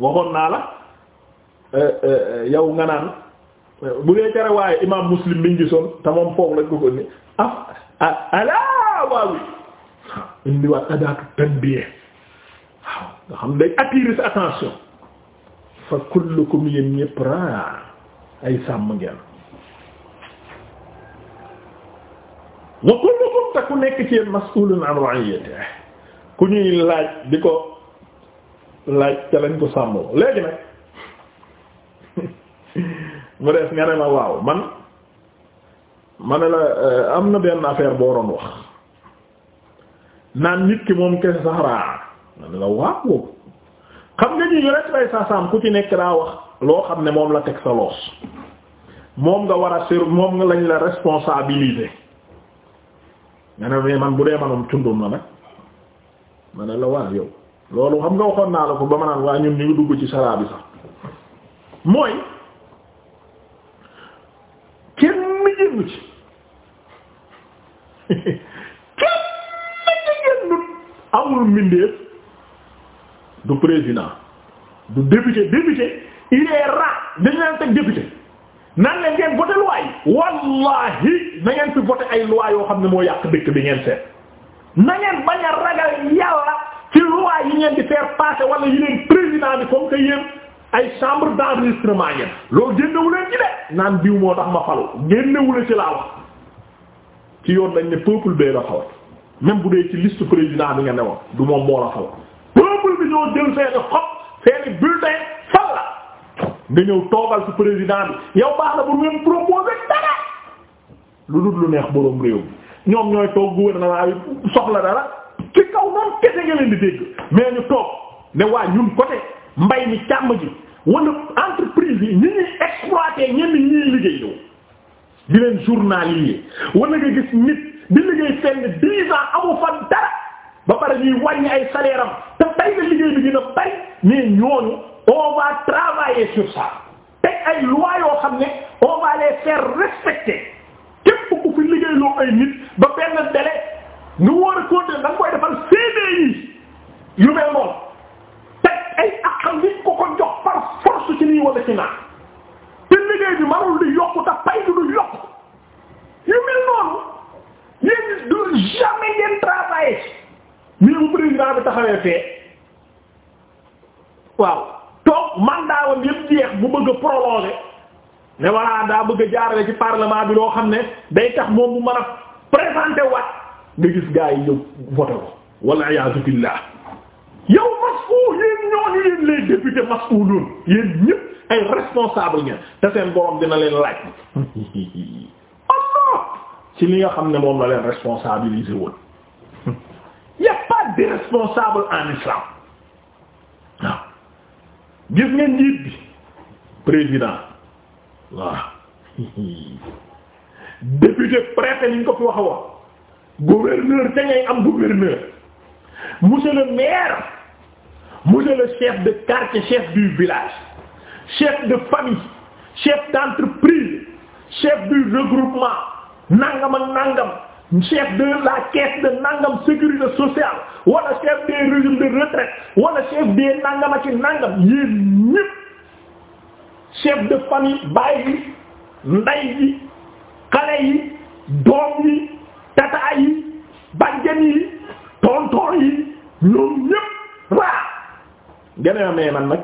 waxoon naa la euh, euh, yow nga naan bu dee tere waaye imaam muslim bi ñu gisoon moom foofu lañ ko ko ni af alaa waawi indiwaat adaatu tanbih waaw nga xam day attirer sa attention fa kullukum yéen ñépp raa ay sàmm ngeen wa kullukum te ku nekk ci yéen mas'ulun an ra'iyatihi ku ñuy laaj di ko laaj ca lañ ko sàmmoo léegi nag mu des nga ne ma waaw man ma la eh, am na benn affaire boo doon wax naan nit ki moom kese saxaraa ma ne la waaw xam nga ñi yonent bay saasaam ku ci nekk daa wax loo xam ne moom la teg sa loos moom nga war a sur moom nga la responsabiliser nga ne man bu dee manum cundum na ma ne la waaw yow loolu xam nga waxoon naa la ko ba ma naan waa ñun ñu ngi dugg ci saraa bi sax mooy kenn génnu ci kenn génnu amul mbindeef du président du député député il est rat dañu leen teg député nan la ngeen voté loi wallahi na fi voté ay loi yoo xam ne moo yàq dëkk bi ngeen seet na bañ a ragal yàlla ci loi yi ngeen di faire passer yi leen président bi comme que ay chambre d'enregistrement ngeen loolu génnewu leen de naan diw moo tax ma falu génnewu ci laa wax ci yoon lañ ne peuple bee na fal même bu dee ci liste président bi nga ne woon du moom moo la fal peuple bi ñoo jël seeni xob seeni bulletin fal la nga ñëw toogal ci président bi yow baax na bu ngeen proposé dara lu dul lu neex borom réew ñoom ñooy toog gouvernement bi soxla dara ci kaw noonu kese nga leen di dégg mais ñu toog ne waa ñun côté mbay mi càmm ji wala entreprise yi ñi ñuy exploité ñenn ñii liggéey loo di leen journalier wala nga gis nit di liggéey fenn dix ans amu fa dara ba pare ñuy wàññi ay bari mais ñooñu on travailler sur ça teg ay loi yoo xam ne on va les respecter képp ku fi liggéey loo ay nit ba benn délai nga war a continuer da nga koy defal CDI yu mel noonu teg ay akam liñ ko ko jox par force ci nii wala ci naan te liggéey bi marul di yokku te pay du du yokku yu mel noonu yéen du jamais ngeen travailler mais bu président bi taxawee fee waaw toog mandat wam yëpp jeex bu bëgg a ne voilà daa bëgg a jaarale ci parlement bi loo xam ne day tax moom mu mën a présenter waat nga gis gaa yi yow voté ko walla iyaazu billah yow mas'uul yéen ñooñu yéen les députés mas'uuluun yéen ñëpp responsable ngeen te dina leen laaj Allah ci li nga xam ne moom la leen responsabilisé woon y a pas de responsable en gis ngeen njiit bi président waaw député préfet ko fi waxa woon gouverneur te ngay am mu monsieur le maire monsieur le chef de quartier chef du village chef de famille chef d'entreprise chef du regroupement nangam ak nangam chef de la caisse de nangam sécurité sociale wala chef des régimes de retraite wala chef des nangam ak nangam yéen ñépp chef de famille baay yi nday yi xale yi doom yi tata yi bàjjen yi tonton yi ñoom ñëpp raa gën mee man nag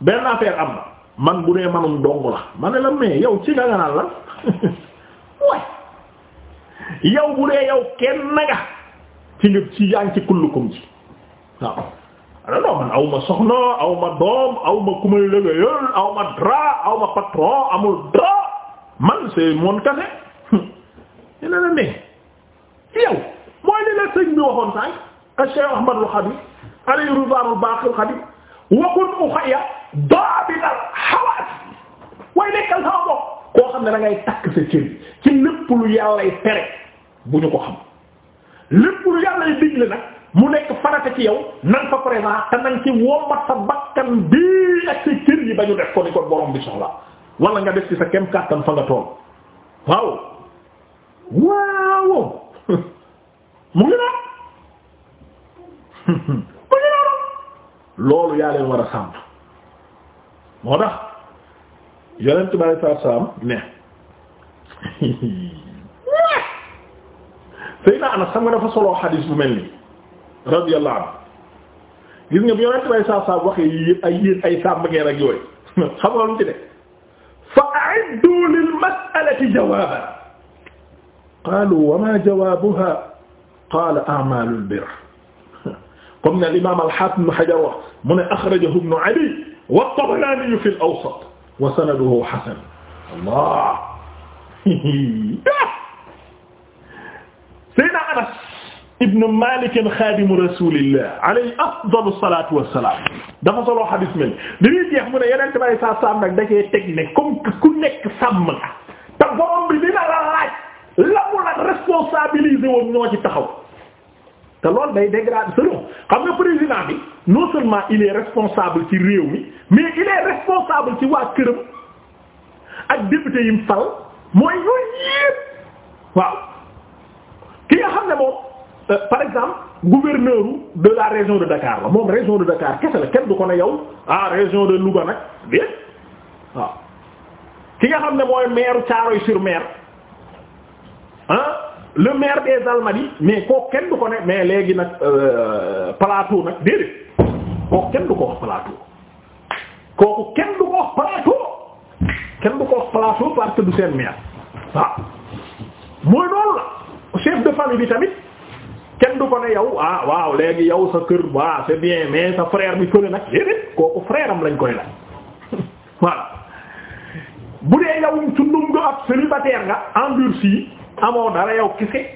benn affaire am na man bu dee manum dong la ma ne la mais yow ci nga la way yow bu dee yow kenn nga ci nga ci yaa ci kullukum ci waaw ala non man awma soxna awma doom awma ku may liggéeyal awma dra awma patron amul dra man c'est mon café ñu ne la mais yow mooy li la sëñ bi a Cheikh Ahmadul Khadim alayhi ridwaanul baaqil Khadim wakun uxaya daabital xawaat xam ne da takk ci lépp lu yàllay tere bu ñu ko xam lépp lu yàllay digle nag mu nekk farata ci yow nan fa présent te nan ci wommat sa bakkan bii ak sa cër yi ba ñu def ko ni ko borom bi soxla wala nga def ci sa kem kàttan fa nga tool waaw waaw mu ngi noonu loolu yaa war a sàmm moo tax yonent bi sallallahu alayhi wasallam ne Seydina Anas xam nga dafa solo xadiis bu mel nii radiyallahu anhu gis nga bu yonent bi sallallahu alayhi wasallam waxee yéen ay yéen ay sàmm ngeen ak yooyu xam nga lu ci ne fa a'iddu lil mas'alati jawaban qaalu wa maa jawaabuha qaala a'maalul birr comme ne al-imaam al-haafiz ibn Hajar wax mu ne axrajahu ibnu Adiy wa at-Tabaraani fi al-Awsat wa sanaduhu hasan Allah Seydina Anas ibnu Maalik xaadimu rasuulillah alayhi afdalu salaatu wa salaam dafa solo xadis mel bi muy jeex mu ne yeneen tubaab yi saa saa nag da cee teg ne comme ku nekk sàmm la te borom bi dina la la mu la responsabilisé woon ñoo ci taxaw te loolu day dégrade selon xam nga président bi non seulement il est responsable ci réew mi mais il est responsable ci waa këram ak député yim fal mooy yooyu waaw ki nga xam ne moom euh, par exemple gouverneur de la région de Dakar la moom région de Dakar kese la kenn du ko ne yow ah région de Louga nag bien waaw ki nga xam ne mooy maire Thiaroye sur Mer le maire des Almadies mais kooku kenn du ko ne mais léegi nag euh, plateau nag déedéet kooku kenn du ko wax kooku kenn du ko wax kenn du ko wax plateau parce que du seen maire waaw mooy loolu chef de famille bi tamit kenn du ko ne yow ah waaw léegi yow sa kër waaw c'est bien mais sa frère bi fële nag déedéet kooku frère lañ koy la voilà bu dee yow sundum nga ab célibataire nga endurci amoo dara yow kese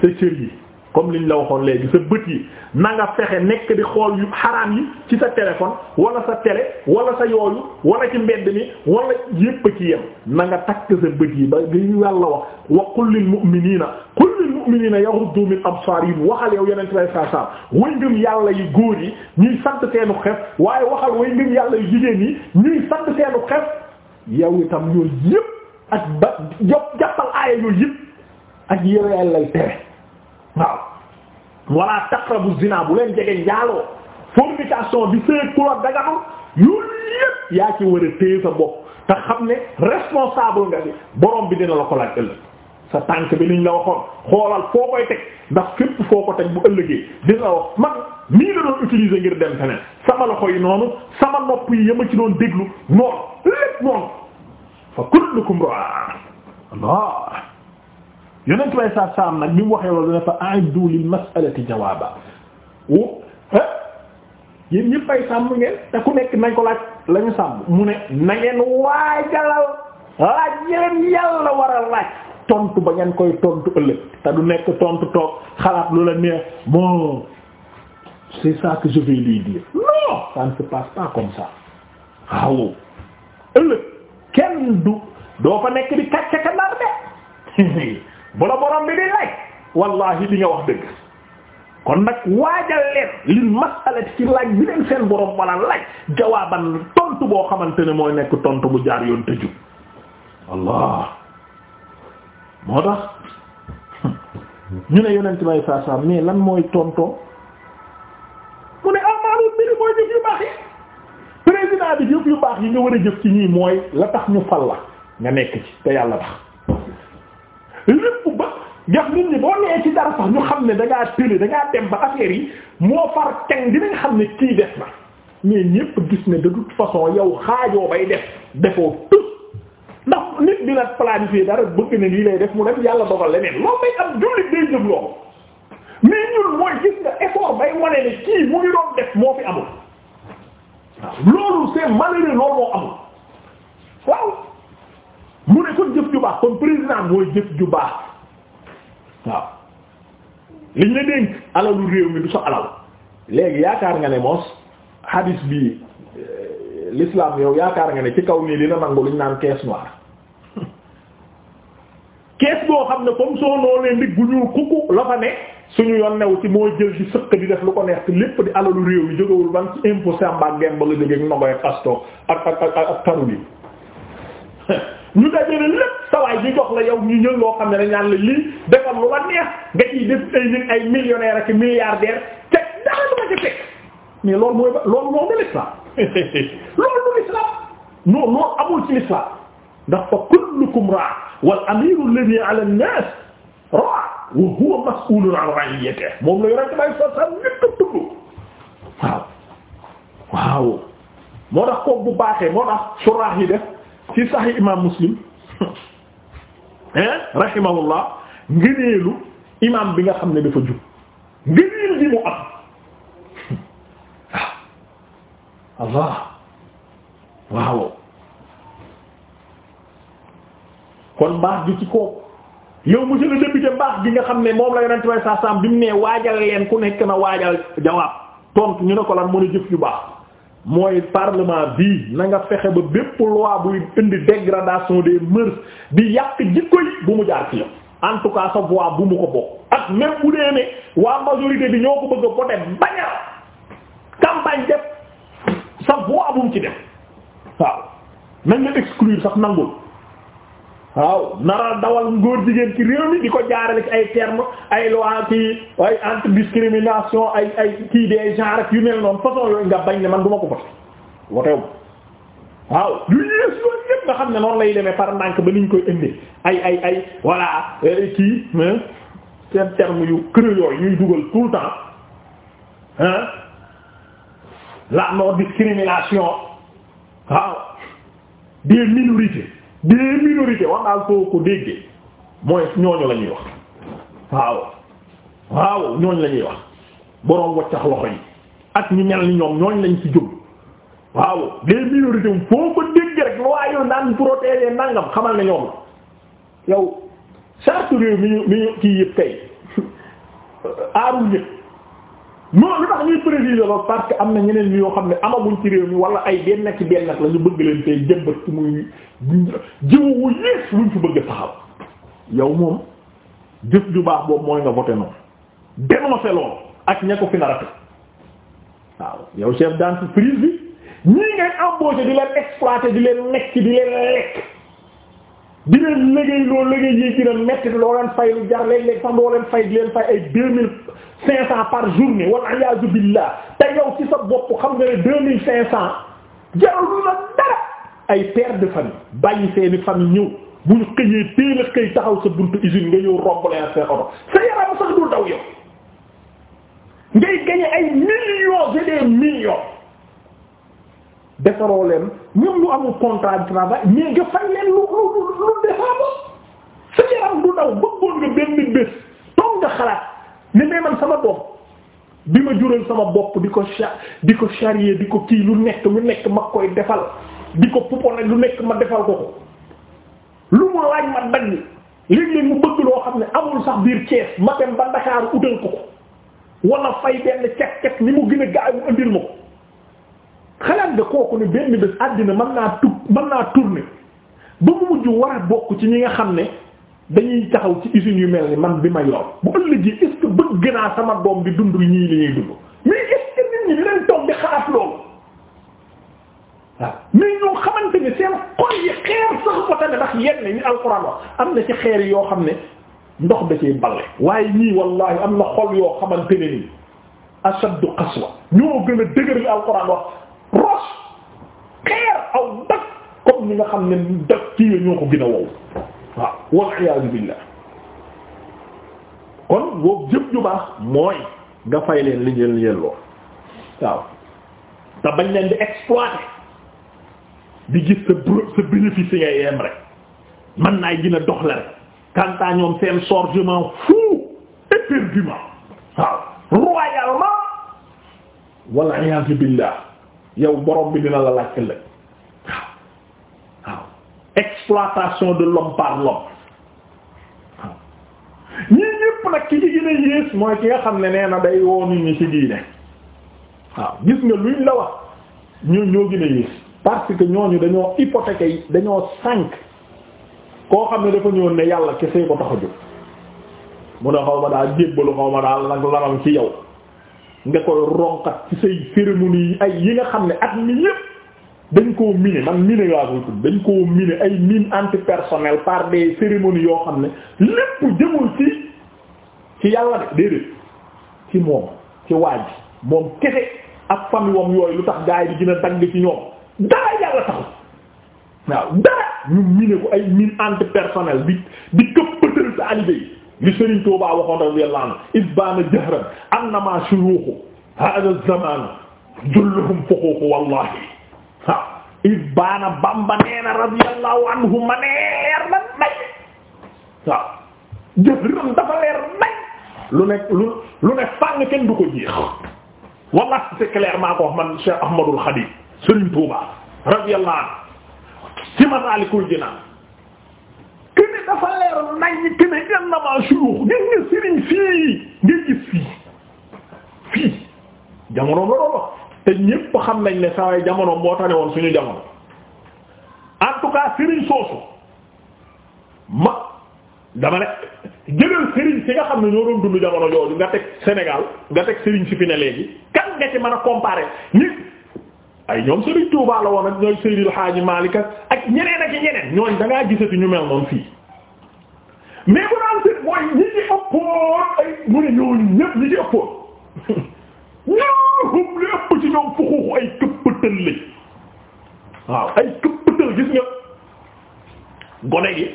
sa cër yi comme liñ la waxoon léegi sa bët yi na nga fexe nekk di xool yu xaraam yi ci sa téléphone wala sa tele wala sa yooyu wala ci mbedd mi wala yépp ci yem na nga takk sa bët yi ba li Yàlla wax wa qul lil mu'minina qul lil mu'minina yaghuddu min absarihim waxal yow yeneen lay saa saa way ngëm yàlla yi góor yi ñuy sant seenu xef waaye waxal way ngëm yàlla yu jigéen yi ñuy sant seenu xef yow itam yooyu yépp ak ba jàppal ak yow yàlla lay tere waaw wala taqrabu zina bu leen jege njaaloo fornication di sëy ku la daganul yooyu yépp yaa ci war a sa bopp te xam ne responsable nga bi borom bi dina la ko laaj ëllëg sa tànk bi niñ la waxoon xoolal foo koy teg ndax fépp foo ko teg bu ëllëgee dina la wax man nii la doon utiliser ngir dem feneen sama loxo yi noonu sama nopp yi yama ci doon déglu noonu lépp noonu fa kullukum ra'a Allah yonent bay saa saam nag bi mu waxee loolu dafa a'iddu lil mas'alati jawaaba yéen ñëpp ay sàmm ngeen te ku nekk nañ ko laaj lañu ñu sàmm mu ne na ngeen waajalal laaj yéen yàlla war a laaj tontu ba ngeen koy tontu ëllëg te du nekk tontu toog xalaat lu la neex bon c'est ça que je vais lui dire non ça ne passe pas comme ça waaw ëllëg kenn du doo fa nekk di kàcce ka nar de bu la borom bi di laaj wallahi li nga wax dëgg kon nag waajal leen lil masalati ci laaj bi leen seen borom wala laaj jawaaban tontu boo xamante ne mooy nekk tontu bu jaar yoon tëju allah moo tax ñu ne yonent bay saa saa mais lan mooy tontoo mu ne ah, amaaru mbiri mooy jëf yu baax yi président bi jëf yu baax yi nga war a jëf ci ñii mooy la tax ñu fal la nga nekk ci te yàlla tax lépp ba jox nit ñi boo nee ci dara sax ñu xam ne da ngaa tële da ngaa dem yi moo far teng dinañ xam ne kii def na mais ñépp gis ne de toute façon yow xaajoo bay def defoo tut ndax nit bi la planifier dara bëgg ne lay def mu def yàlla dogal leneen loolu mais ñun mooy gis nga effort bay wane kii mu ngi doon def moo fi amul waaw loolu c'est malheureux loolu moo amul waaw mu ne kon jëf ju baax kon président mooy jëf ju baax waaw liñ la dénk alalu réew mi du sa alal léegi yaakaar nga ne moos hadis bi euh, l'islam yow yaakaar nga ne ci kaw nii dina nangu luñ naan caisse noire kees boo xam ne comme soo noo leen ndig gu ñuul kukku la fa ne suñu yoon new ci moo jël ci sëq di def lu ko neex lépp di alalu réew yi jógewul ban ci impôt samba gen ba nga jógeeg nogoy ak asto ak ak ak taru bi ñu dajale lépp sawaay ñu jox la yow ñu ñëw loo xam ne dañ naan la lii defal lu la neex nga ciy def ay nit ay millionnaire ak milliardaire te dara lu ma ci fekk mais mooy loolu moom du l'islam loolu du l'islam non amul ci l'islam ndax fa kullukum raa wal amiru alladhi ala an-nas waaw moo tax kooku bu baaxee moo tax suraax yi def ci Sahih imam Muslim hein rahimahullah ngëneelu imam bi nga xam ne dafa jub ngëneel bi mu am Allah waaw kon baax bi ci kooku yow monsieur le député baax bi nga xam ne moom la yonent way sa sam bi ne waajal leen ku nekk na waajal jawaab tontu ñu ne ko lan mën a jëf yu baax mooy parlement bii nanga fexe ba bépp loi buy indi dégradation des mœurs di yàq jikko yi bu mu jaar ci en tout cas sa voix bu mu ko bokk ak même bu dee ne waa majorité bi ñoo ko bëgg a voter bañ a campagne def sa voix bu ci def waaw nañ la exclure sax nangul waaw nara dawal ngóor jigéen ci réew mi di ko jaarale ci ay terme ay loi ci ay anti discrimination ay ay kii des genre yu mel noonu façon yooyu nga bañ ne man du ma ko voté wotew waaw yu yées yooyu yëpp nga xam ne noonu lay demee par ndànk ba ñu koy indi ay ay ay voilà kii seen terme yu kër yooyu ñuy dugal tout le temps hein la non discrimination waaw des minorités des minorités wax daal soo ko déggee mooy ñooñu la ñuy wax waaw waaw ñooñu la ñuy wax boroom waccax loxo yi ak ñu mel ni ñoom ñooñ lañ ci jóg waaw des minorités m foo ko dégg rek loi yu naan protéger nangam xamal ne ñoom la yow charte réew mi ñu mi ñu kii yëpp kay aarul ñëpp non li tax ñuy préciser loolu parce que am na ñeneen ñi yoo xam ne amaguñ ci réew mi wala ay benn ci benn la ñu bëgg leen tey jëmbat ci muy jiwu wu yées luñ fi bëgg taxaw yow moom jëf ju baax boobu mooy nga voté noonu dénoncé loolu ak ña ko fi narate waaw yow chef d'entreprise bi ñii ngay embauché di leen exploité di leen nekk di leen lekk di leen liggéey loo liggéey yi dina metti loo leen fay lu jar léeg-léeg sax loo leen fay di leen fay ay deux mille cinq cents par journée wal iyaazu billah te yow ci sa bopp xam nga ne deux mille cinq cent jarul lu la dara ay père de famille bàyyi seeni famille ñëw bu ñu xëyee teel a taxaw sa buntu usine nga ñëw romb leen seen oto sa yaram sax dul daw yow ngay gagner ay millions et des defaroo leen même lu amul contrat de travail mais nga fay leen lu lu lu defaabo sa yaram du daw bëggoon nga benn bés toog nga xalaat ne mais man sama doom bi ma jural sama bopp di ko cha di ko charrier di ko kii lu nekk lu nekk ma koy defal di ko pouponner lu nekk ma defal ko ko lu mu laaj ma dagg léeg-léeg mu bëgg loo xam ne amul sax biir Thiès ma dem ba Dakar utal ko ko wala fay benn cek cek ni mu gën a gaaw mu andil ma ko xalaat nga kooku ne benn bés àddina mën naa tug mën naa tourner ba mu mujj war a bokk ci ñi nga xam ne dañuy taxaw ci usines yu mel ni man bi ma yor bu ëllëgee est-ce que bëgg naa sama doom bi dund ñii li ñuy dund mais est-ce nit ñi dinañ toog di xalaat loolu waaw mais ñoo xamante ni seen xol yi xeer sax ba tamit ndax yenn ñu alxuraan wax am na ci xeer yi yoo xam ne ndox da ciy balle waaye ñii wallahi am na xol yoo xamante ne nii ashaddu qaswa ñoo gën a dëgër roche xeer aw dëkk comme ni nga xam ne dëkk ci ñoo ko gën a wow waaw wal iyaazu kon woo jëpp ju baax mooy nga fay leen li ngeen yelloo waaw te bañ leen di exploiter di gis sa sa bénéfice ngay yem rek man naay gën dox la rek kantaa ñoom seen chargement fou éperdument waaw royalement wal iyaazu billaah yow boroom bi dina la laaj ëllëg waaw waaw exploitation de l'homme par l'homme waaw ñii ñëpp nag ki ci gën a yées mooy ki nga xam ne nee na day woo nit ñi ci diine waaw gis nga luñ la wax ñoo ñoo gën a yées parce que ñooñu dañoo hypothéquer dañoo sànk koo xam ne dafa ñëwoon ne yàlla kese ko tax a xaw ma daal jébbalu xaw ma daal nag laram ci yow nga koy ronkat ci say cérémonie ay yi nga xam ne at mi yépp dañ koo miné man miné laa koy tudd dañ koo miné ay mine antipersonnel par des cérémonies yoo xam ne lépp jëmul ci ci yàlla de déedéet ci moom ci waaj moom kese ak famille wam yooyu lu tax gaay yi gën a dagg ci ñoom dara yàlla taxu waaw ñu miné ko ay mine antipersonnel bi di këppatal sa alibé yi li Serigne Touba waxoon radiyallahu anhu isbaana jahran annama shuyukhu hadha zaman julluhum fuququ wallahi waaw isbaana Bamba neena radiyallahu anhu ma neer na nay waaw jahran dafa leer nay lu ne lu lu ne fàng kenn du ko jeex wallahi c'est clair maa ko wax man Cheikh Ahmadul Khadim Serigne Touba radiyallahu anhu ci Masaalikul Jinaan dafa leer nañ que ne innama shuyukh gis nga sëriñ fii nga gis fii fii jamonoom la te ñépp xam nañ ne sa jamono jamonoom moo tane woon suñu jamono en tout sëriñ soosu ma dama ne jëlal sëriñ si nga xam ne ñoo doon dund jamono jooju nga teg Sénégal nga teg sëriñ si fi ne léegi kan nga ci mën a comparer nit ay ñoom sëriñ Touba la woon ak ñooy Seydil Hadji Malick ak ñeneen ak ñeneen ñooñ dangaa gisati ñu mel noonu fii mais bu naan sit mooy ñi ci ëppoon ay mu ne ñooñu ñëpp ñi ci ëppoon ñoohum li ëpp ci ñoom fuxuuxu ay lañ waaw ay këppatal gis nga gone gi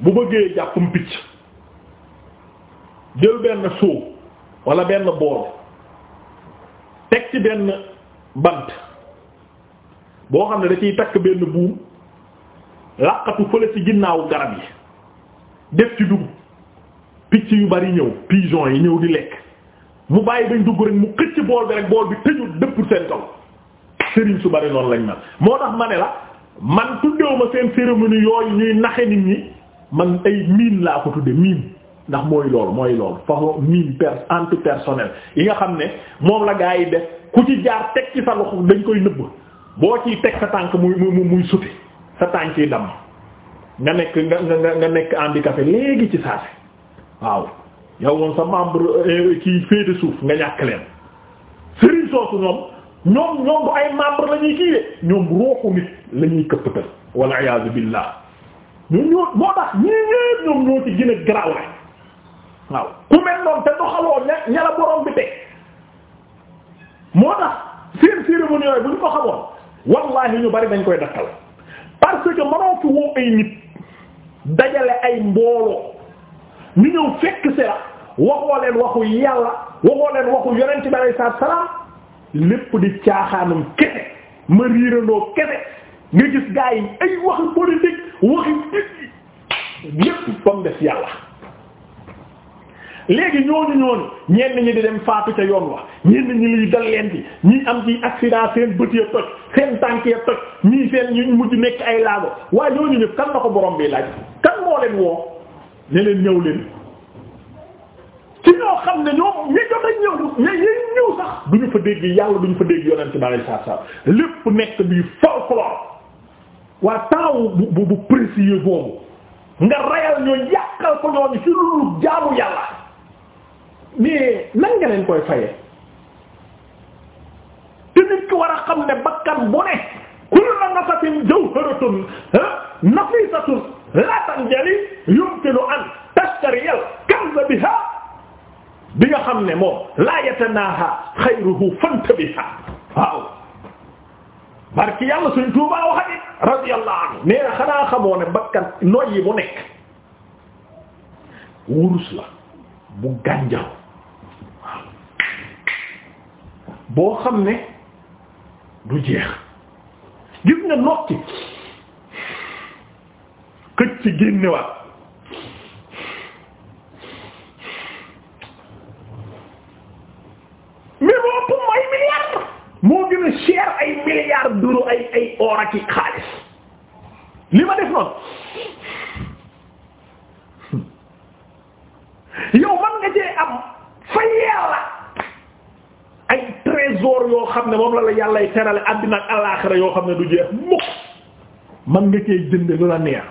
bu bëggee jàppum picc jël benn soow wala benn bool teg ci benn bant boo xam ne da ciy takk benn buum làqatu fële ci ginnaawu garab yi def ci dugub picc yu bari ñëw pigeon yi ñëw di lekk mu bàyyi bañ dugg rek mu xëcc bool bi rek bool bi tëju dëpp seen kaw sëriñ su bari noonu lañ mel moo tax ma ne la man tuddewu ma seen cérémonie yooyu ñuy naxe nit ñi man ay mine laa ko tudde mine ndax mooy loolu mooy loolu façon mine per antipersonnel yi nga xam ne moom la gaa yi def ku ci jaar teg ci sa loxo dañ koy nëbb boo ciy teg sa tànk mu mu muy sute sa tànk damm nga nekk nga nga nga nekk handicapé léegi ci saa si waaw yow moom sa membre euh, kii féete suuf nga ñàkk leen sëriñ soosu ñoom ñoom ñoom bu ay membre la ñuy kii de ñoom ruuxu nit la ñuy këppatal walla iyaazu billaah moo tax ñii ñëpp ñoom ñoo ci gën garaaw rek waaw ku mel noonu te doxaloo ña ña borom bi teg moo tax seen cérémonie bu ñu ko xamoon ñu bari dañ koy dakkal parce que mënoo fi woo ay nit. dajale ay mbooloo ñu ñëw fekk si la waxoo leen waxu yàlla waxoo leen waxu yonent bi alayhi salaam lépp di caaxaanum kese ma riirandoo kese nga gis gaa ay waxi politique waxi nit lépp ba mu yàlla léegi ñooñu ñooñu ñenn ñi di dem faatu ca yoon wa ñenn ñi liy dal leen di ñi am ci accident seen bët ya toj seen tànk ya toj ñii seen ñu mujj nekk ay laago waaye ñooñu ñëpp kan la ko borom bi laaj kan moo leen woo ne leen ñëw leen ci ñoo xam ne ñoo ña jot ñëw sax duñu fa dégg yàlla duñu fa dégg yonent bi alayhi salaatu salaam lépp nekk bi folklore waa taawu bu bu bu boobu nga rayal ñoo yàqal ko ñooñu ci lu jaamu yàlla. mais nan nga leen koy fayee te nit ki war a xam ne bakkan bu ne kullu nafsin jawharatun nafisatun la tanjali yumkinu an tashtariya kanza biha bi nga xam ne moom la yatanaha xayruhu fantabiha waaw barki yàlla suñ tuubaa waxat it radiyallahu anhu nee na xanaa xamoo ne bakkan noyyi bu nekk wurus la bu gànjaw boo xam ne du jeex gis nga nokki këcc ci génnewaat mais moo ay milliards moo gën a cher ay milliards d'euros ay ay or ak xaalis li ma def noonu yow man nga jee am fa yàlla ay trésor yoo xam ne moom la la yàllay terale àddina ak alaaxira yoo xam ne du jeex mukk man nga cee lu la neex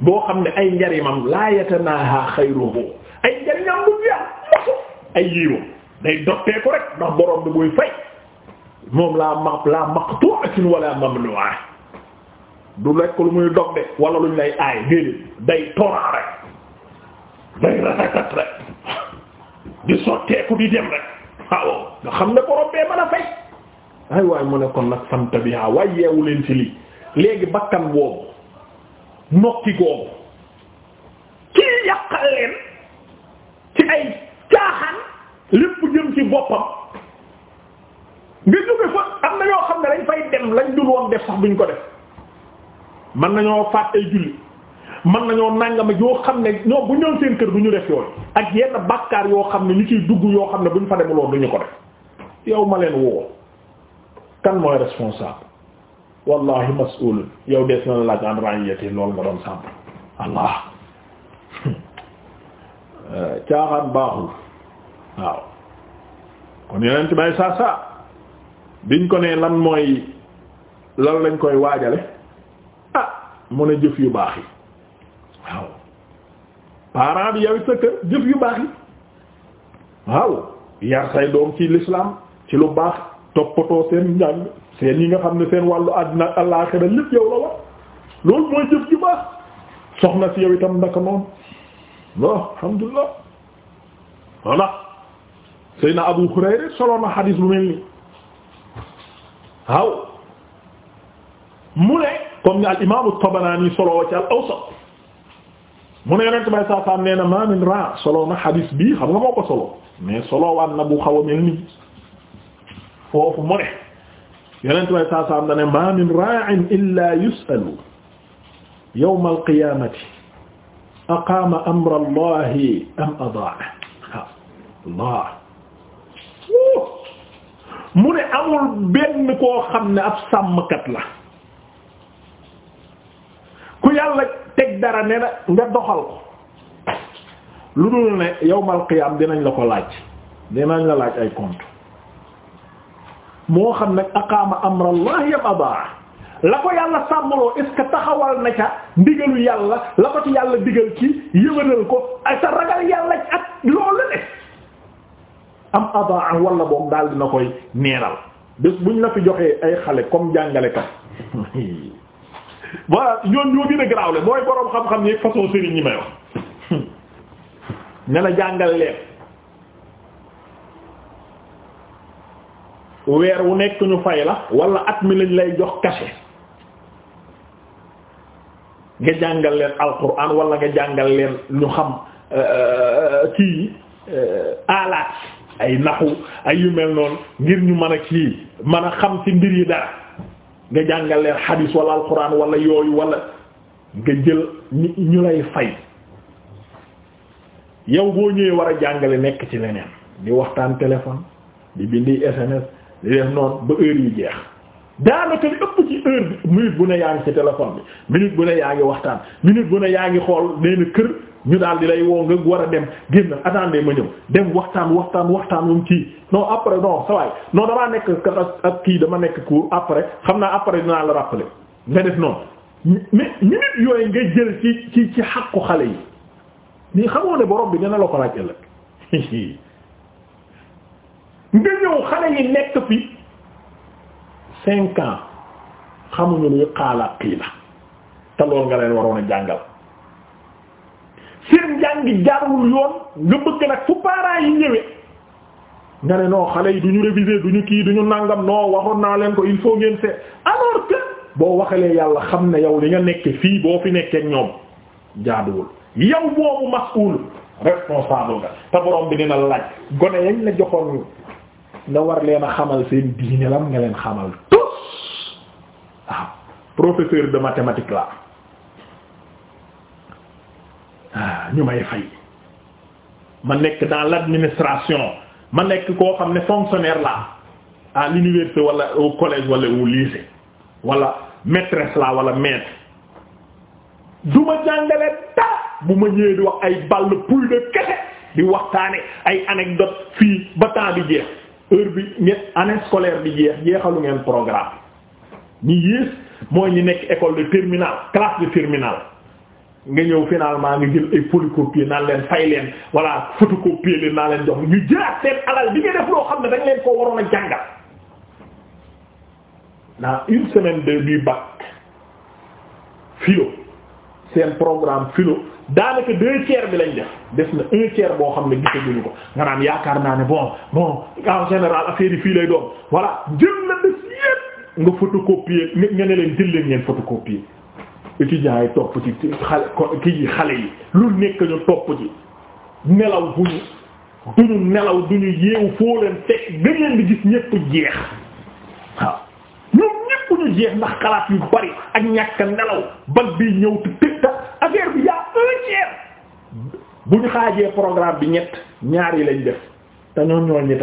boo xam ne ay njariñam laa yatanaaha xayruhu ay njariñam du jeex mukk ay yiiwam day dottee rek ndax borom bi muy fay moom laa ma laa maqtu'atin wala mamnu'a du lekk lu muy dog de wala luñ lay aay déedéet day toraa rek day ratatat rek di sotteeku di dem rek waaw nga xam ne borom bee mën a fay ay waaye mu ne kon nag fanta bi haa ah, waaye yeewu leen ci lii léegi bakkan boobu nokki googu kii yàqal leen ci ay caaxaan lépp jëm ci boppam nga jóge fa am na ñoo xam ne dañ fay dem lañ dul woon def sax buñ ko def mën nañoo faat julli mën nañoo nàngama yoo xam ne ñoo bu ñëw seen kër bu ñu def yooyu ak yenn bakkaar yoo xam ne ñu ciy dugg yoo xam ne bu ñu fa demuloon du ñu ko def yow ma leen woo kan mooy responsable wallahi mas'ul yow des na la laaj i ràññeeti loolu nga doon sàmp allah caaxaan baaxul waaw kon yeneen ci may saa saa biñ ko nee lan mooy lan lañ koy waajale ah mu ne jëf yu baax yi parent bi yow it sa kër jëf yu baax yi waaw yar say doom ci l'islam ci lu baax toppatoo seen njàng seen yi nga xam ne seen wàllu àddina àllaaxira lépp yow la war loolu mooy jëf ju baax soxna si yow itam naka noonu lo alhamdulillah na xadiis bu mel nii waaw mu ne comme ni al imaamu Tabaraani soloo ci al Awsat mu ne yonent bay saa saam nee na maa min ra solo na xadiis bii xam nga moo ko solo mais solo waan na bu xaw a mel nii foofu mu ne yonent bay saa saam dane maa min ra'in illa yus'alu yawma alqiyamati aqaama amra allahi am adaa allah mu ne amul benn koo xam ne ab sàmmkat la teg dara ne la nga doxal ko lu dul ne yawmal qiyaam dinañ la ko laaj dinañ la laaj ay compte moo xam nag aqaama amrallahi yam abaa la ko yàlla sàmmaloo est ce taxawal na ca ndigalu yàlla la ko ci yàlla digal ci yëwénal ko ak sa ragal yàlla ak loolu ne am abaa wala boog daal dina koy neenal bés buñ la fi joxee ay xale comme jàngalekat waa ñoon ñoo gën a garaawle mooy boroom xam-xam ni façon sëriñ ñi may wax ne jàngal leen weer wu nekk ñu fay la wala at mi lañ lay jox cachet nga jàngal leen alquran walla nga jàngal leen ñu xam euh, euh, kii euh, alaat ay naxu ay yu mel noonu ngir ñu mën a kii mën a xam ci mbir yi dara nga jàngal leen xadiis wala alxuraan wala yooyu wala nga jël ñu ñu lay fay yow boo ñëwee war a jàngale nekk ci leneen di waxtaan téléphone di bindi SMS di def noonu ba heure yu jeex daanaka li ëpp ci heure bi minute bu ne yaa ngi ci téléphone bi minute bu ne yaa ngi waxtaan minute bu ne yaa ngi xool nee kër ñu daal di lay wo nga war a dem génn attendez ma ñëw dem waxtaan waxtaan waxtaan moom ci non après non sa waay non damaa nekk ak kii dama nekk cours après xam naa après dinaa la rappeler nga def noonu mais minute yooyu nga jël ci ci ci xale yi nii xamoo ne borom bi dina la ko laaj ëllëg nga ñëw xale yi nekk fi cinq xamuñu luy xaala kii la te loolu nga leen waroon a jàngal ngi jaarul yoon nga bëgg nag fu parents yi ñëwee nga ne noo xale yi du ñu réviser du ñu kii du ñu nangam non waxoon naa leen ko il faut ngeen seet alors que boo waxalee yàlla xam ne yow li nga nekk fii boo fi nekkee ñoom jaaduwul yow boobu mas'ul responsable nga te borom bi dina laaj gone yañ la joxoon nga war leen a xamal seen diine lam nga leen xamal tous waaw professeur de mathématiques la Ah, ñu may fay ma nekk dans l'administration ma nekk koo xam ne fonctionnaire la à l'université wala au collège wala au lycée wala maîtresse la wala maître du ma jàngale dara bu ma ñëwee di wax ay ball puy de kese di waxtaane ay anecdote fii ba bi jeex heure bi ñett année scolaire bi jeex jeexalu ngeen programme ñi yées mooy ñi nekk école de terminale classe de terminale nga ñëw maa nga jël ay photocopie naan leen fay leen voilà photocopie leen naa leen jox ñu jëlaat seen alal di nga def loo xam ne dañ leen koo waroon a jàngal dans une semaine de du bac philo seen programme philo daanaka deux tiers bi lañ def def na un tiers boo xam ne gisaguñu ko nga naan yaakaar naa ne bon bon en général affaire fii lay doon voilà jël na des yépp nga photocopier nga ne leen jël leen ngeen photocopier étudiants yi topp ci xale kii xale yi lu nekk ñu topp ci nelaw bu ñu duñu nelaw duñu yeewu foo leen teg dañ leen di gis ñépp jeex waaw ñoom ñépp ñu jeex ndax xalaat yu bari ak ñàkk nelaw bag bi ñëw te tëgg affaire bi yaa un tiers bu ñu xaajee programme bi ñett ñaar yi lañ def te ñoom ñoo ñi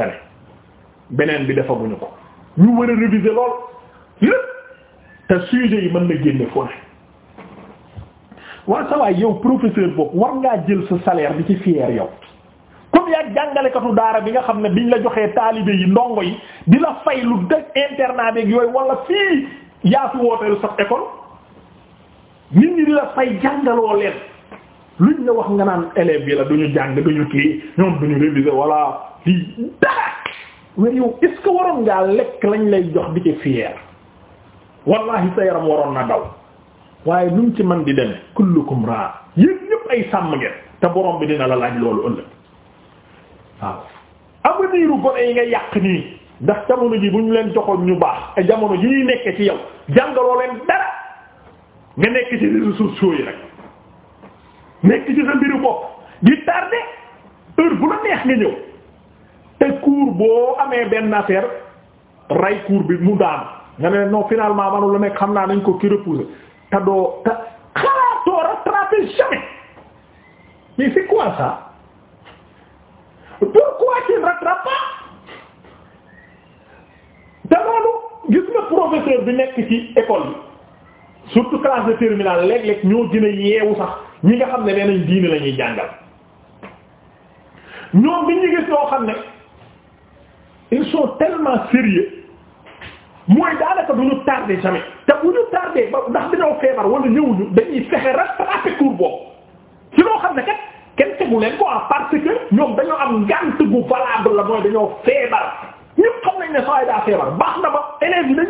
beneen bi defaguñu ko ñu war a réviser lool lépp te sujet yi mën na génne fu waa sa yow professeur boobu war ngaa jël sa salaire bi ci fier yow comme yaa jàngalekatu daara bi nga xam ne biñ la joxee taalibe yi ndongo yi di la fay lu dëkk internat beeg yooyu wala fii yaa fi wooteelu sax école nit ñi di la fay jàngaloo leen luñ la wax nga naan élève yi la duñu jàng duñu kii ñoom duñu réviser wala lii dara mais yow est ce que waroon ngaa lekk lañ lay jox di ci fier wallahi sa yaram waroon na daw. waaye lu mu ci man di deme kullukum raa yéen ñëpp ay sàmm ngeen te borom bi dina la laaj loolu ëllëg waaw avenir gone yi nga yàq nii ndax jamono ji bu ñu leen joxoon ñu baax jamono ji ñuy nekkee ci yow jàngaloo leen dara nga nekk ci réseaux sociaux yi nag nekk ci sa mbiru bopp di tardé heure bu la neex nga ñëw te cours boo amee benn affaire ray cours bi mu daan nga ne non finalement manu la nekk xam naa nañ ko ki repousser te doo te xalaatoo rattraper jamais mais quoi ça pourquoi tu ne rattrapes te loolu gis nga professeur bi nekk ci école bi surtout classe de terminale léeg-léeg ñoo gën a yeewu sax ñi nga xam ne nee nañ diine la ñuy jàngal ñoom bi ñu gis ñoo xam ne ils sont tellement sérieux mooy daanaka du ñu tardé jamais te bu ñu tardé ba ndax dañoo feebar wala ñëwuñu dañuy fexe rattraper cours boobu ci loo xam ne kat kenn tegu leen ko parce que ñoom dañoo am ngànt bu valable la mooy dañoo feebar ñëpp xam nañ ne saa yi daa feebar baax na ba élèves yi dañ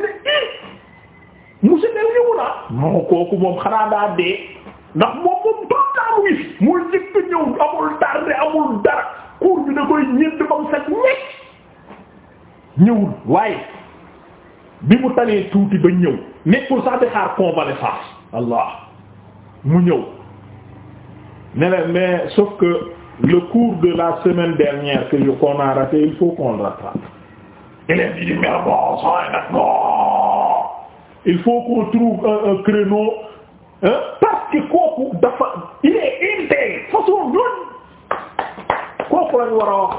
ne monsieur Deme ñëwu kooku moom xanaa daa dee ndax moom moom dootaamu wi muy njëkk a ñëw amul tardé amul dara cours bi mu tanee tuuti ba ñëw nekkul sax di xaar convalescence allah mu ñëw ne leen mais sauf que le cours de la semaine dernière que je qu'on a il faut qu'on le rattrape di mer bon soy nag bon il faut qu'on un, créneau parce que kooku dafa il est intègre façon ñoon kooku lañ war a wax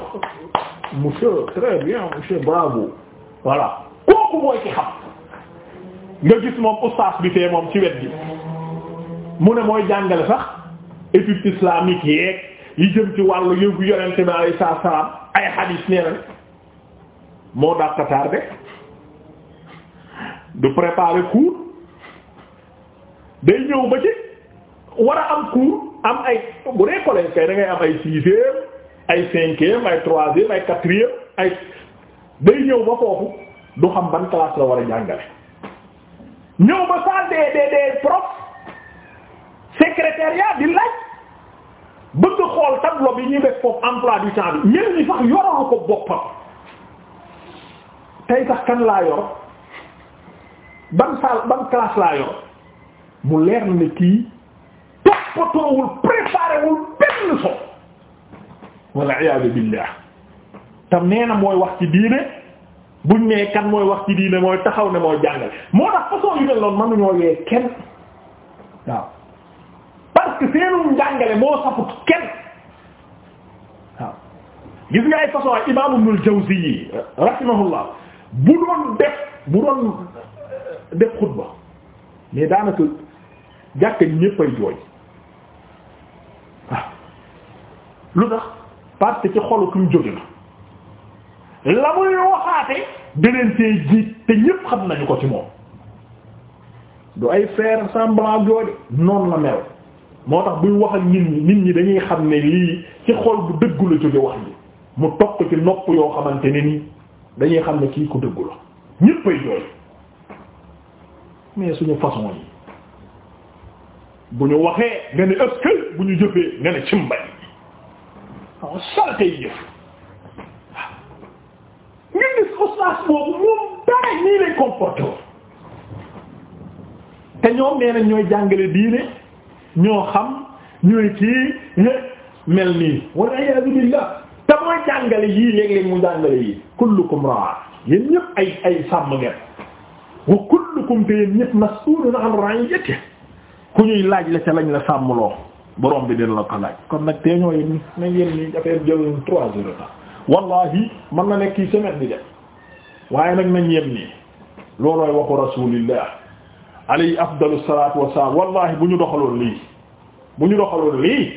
monsieur bien monsieur bravo voilà kooku mooy ci xam nga gis moom ustaas bi fee moom ci wet bi mu ne mooy jàngale sax étude islamique yeeg yi jëm ci wàllu yëngu yonente bi saa salaam ay hadith nee na moo dàq tardé du préparer cours day ñëw ba ci war a am cours am ay bu dee collège kay da am ay sixième ay cinquième ay troisième ay quatrième ay day ñëw ba foofu. du xam ban classe la war a jàngale ñëw ba salle des des des profs secrétariat di laaj bëgg xool tableau bi ñuy def foofu emploi du temps bi ñi sax yoralu ko boppam tey sax kan laa yor ban salle ban classe laa yor mu leer na ne kii toppatoowul préparé wul benn so walla iyaadu billah tam nee mooy wax ci diine. bu nee mooy wax ci diine mooy taxaw ne mooy jàngale moo tax façon yu mel noonu mënuñoo yee kenn waaw parce que seenum moo saput kenn waaw gis nga ay façon ay imam Ibn al-Jawzi yi rahimahullah bu doon def bu doon def xutba mais daanaka jàkk ñépp ay waaw lu tax parce ci xolu ku mu jóge la la muy waxaate deneen see jiit te ñépp xam nañu ko ci moom du ay faire semblant jooju noonu la mel moo tax buy wax ak nit ñi nit ñi dañuy xam ne lii ci xol bu dëggu la jóge wax ji mu topp ci nopp yoo xamante ne ni dañuy xam ne kii ko dëggu la ñépp jooy mais suñu façon yi bu ñu waxee nga ne ëpp bu ñu jëfee nga ne cimbay waaw salte yi jëf ustaas boobu nii lay comporté te ñoom nee nañ ñooy jàngale diine ñoo xam ñooy kii mel nii walla iyaazu billaah te mooy jàngale yii léeg-léeg mu jàngale yii kullukum raa yéen ñëpp ay ay sàmm ngeen wa kullukum te yéen ñëpp mas'ulun an ra'iyatihi ku ñuy laaj la ca lañ la sàmmloo borom bi dina na ko laaj kon nag te ñoo yéen nañ yéen ni affaire jël trois heures de wallahi mën na nekk kii semaine bi de waaye nag nañ yem nii loolooy waxu rasulillah alayhi afdalu salatu wasalaam wallahi bu ñu doxaloon lii bu ñu doxaloon lii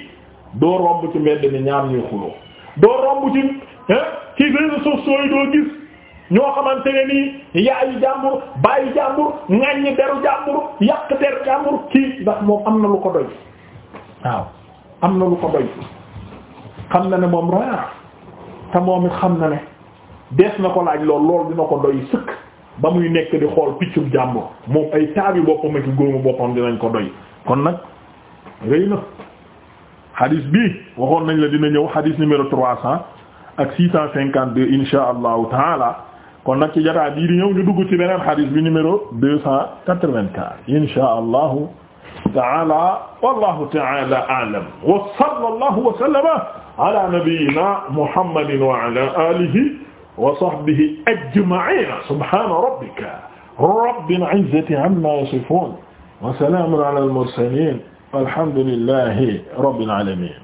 doo romb ci mbedd mi ñaar ñuy xuloo doo romb ci ci réseaux sociaux yi doo gis ñoo xamante ne nii yaayu jàmbur baayu jàmbur ŋàññi deru jàmbur yàq der jàmbur kii ndax moom am na lu ko doy waaw am na lu ko doy xam na ne moom raa te moom it xam na ne des na ko laaj lool lool dina ko doy sëkk ba muy nekk di xool piccub jàmbur moom ay taabi boppam ak góomu boppam dinañ ko doy kon nag rëy na xadis bi waxoon nañ la dina ñëw xadis numéro trois cent ak six cent cinquante deux insha allahu taala kon nag ci jataa bii di ñëw ñu dugg ci beneen xadis bi numéro deux cent quatre vingt quatre insha allahu taala wallahu taala a'lam wa sallallahu wa ala nabiyyina muhammadin wa ala wa sahbihi ajma'ina subhana rabbika rabbil izzati amma yasifun wa salamun ala al mursalin walhamdulillahi rabbil alamin